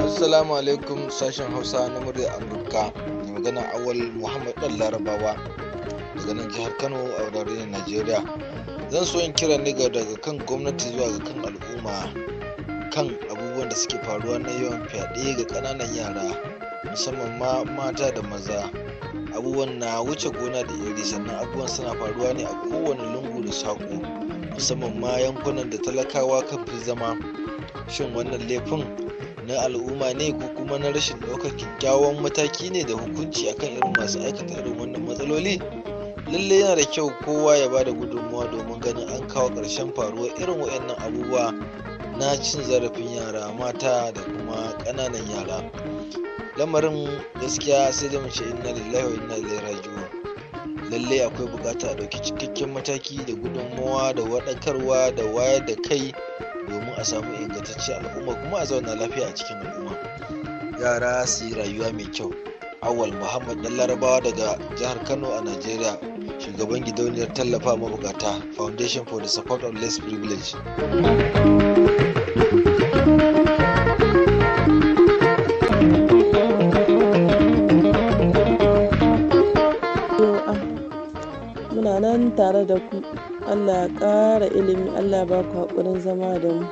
Assalamu alaikum sashen Hausa na murya Amurka. Mai magana awal Muhammad Dan Larabawa daga nan jihar Kano a wuraren Najeriya. Zan so in kira ni ga daga kan gwamnati zuwa ga kan al'umma kan abubuwan da suke faruwa na yawan fyaɗe ga ƙananan yara musamman ma mata da maza abubuwan na wuce gona da iri sannan abubuwan suna faruwa ne a kowane lungu da sako musamman ma yankunan da talakawa kan fi zama shin wannan laifin na al'umma ne ko kuma na rashin ɗaukar kyakkyawan mataki ne da hukunci akan irin masu aikata irin wannan matsaloli lallai yana da kyau kowa ya bada gudunmawa domin ganin an kawo ƙarshen faruwa irin waɗannan abubuwa na cin zarafin yara mata da kuma kananan yara lamarin gaskiya sai da mace inna lillahi wa inna ilaihi raji'un lalle akwai bukata a dauki cikakken mataki da gudunmawa da waɗakarwa da wayar da kai domin a samu ingantacciyar al'umma kuma a zauna lafiya a cikin al'umma yara su yi rayuwa mai kyau awal muhammad dan larabawa daga jihar kano a nigeria shugaban gidauniyar tallafa mabukata foundation for the support of less privilege addu'a ah, muna nan tare da ku allah ya ƙara ilimi allah ba ku haƙurin zama da mu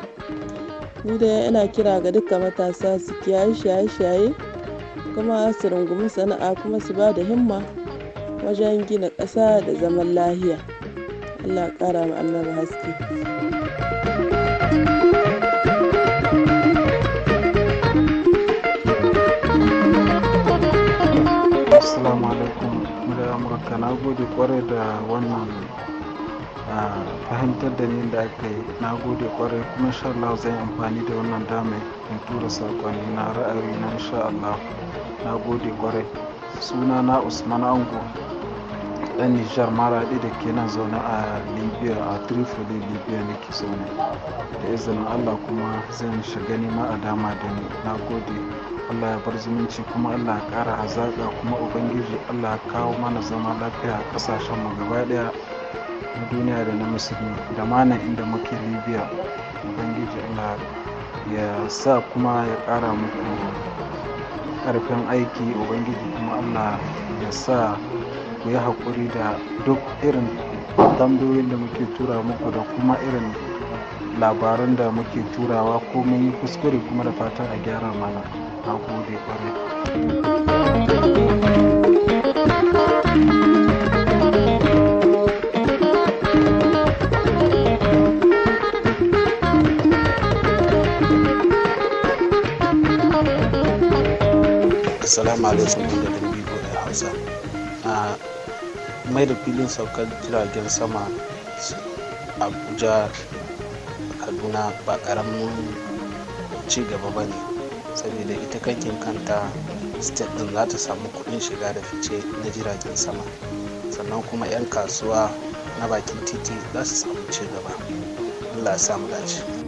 ni dai ina kira ga duka matasa su kiyaye shaye-shaye kuma su rungumi sana'a kuma su ba da himma wajen gina ƙasa da zaman lahiya allah ƙara allah annabi haske da amurka na gode kwarai da wannan fahimtar da ni da aka yi na gode kwarai kuma insha Allah zan amfani da wannan dama in tura sakonni na ra'ayi na insha Allah na gode kwarai suna na usman ango dan nijar maraɗi da ke nan zaune a libya a tripoli libya ne ke zaune da izinin allah kuma zan shiga nema a dama da ni na gode allah ya bar zumunci kuma allah ya ƙara hazaƙa kuma ubangiji allah ya kawo mana zama lafiya a ƙasashenmu gaba ɗaya na duniya da na musulmi da mana inda muke libya ubangiji allah ya sa kuma ya ƙara muku ƙarfin aiki ubangiji kuma allah ya sa ku yi haƙuri da duk irin tambayoyin da muke tura muku da kuma irin labaran da muke turawa ko mun yi kuskure kuma da fatan a gyara mana na gode kwarai assalamu alaikum da da hausa ah, mai da filin saukar jiragen sama abuja kaduna ba karamin ci gaba ba ne saboda ita kankin kanta state din za ta samu kudin shiga da fice na jiragen sama sannan kuma 'yan kasuwa na bakin titi za su samu ci gaba allah samu dace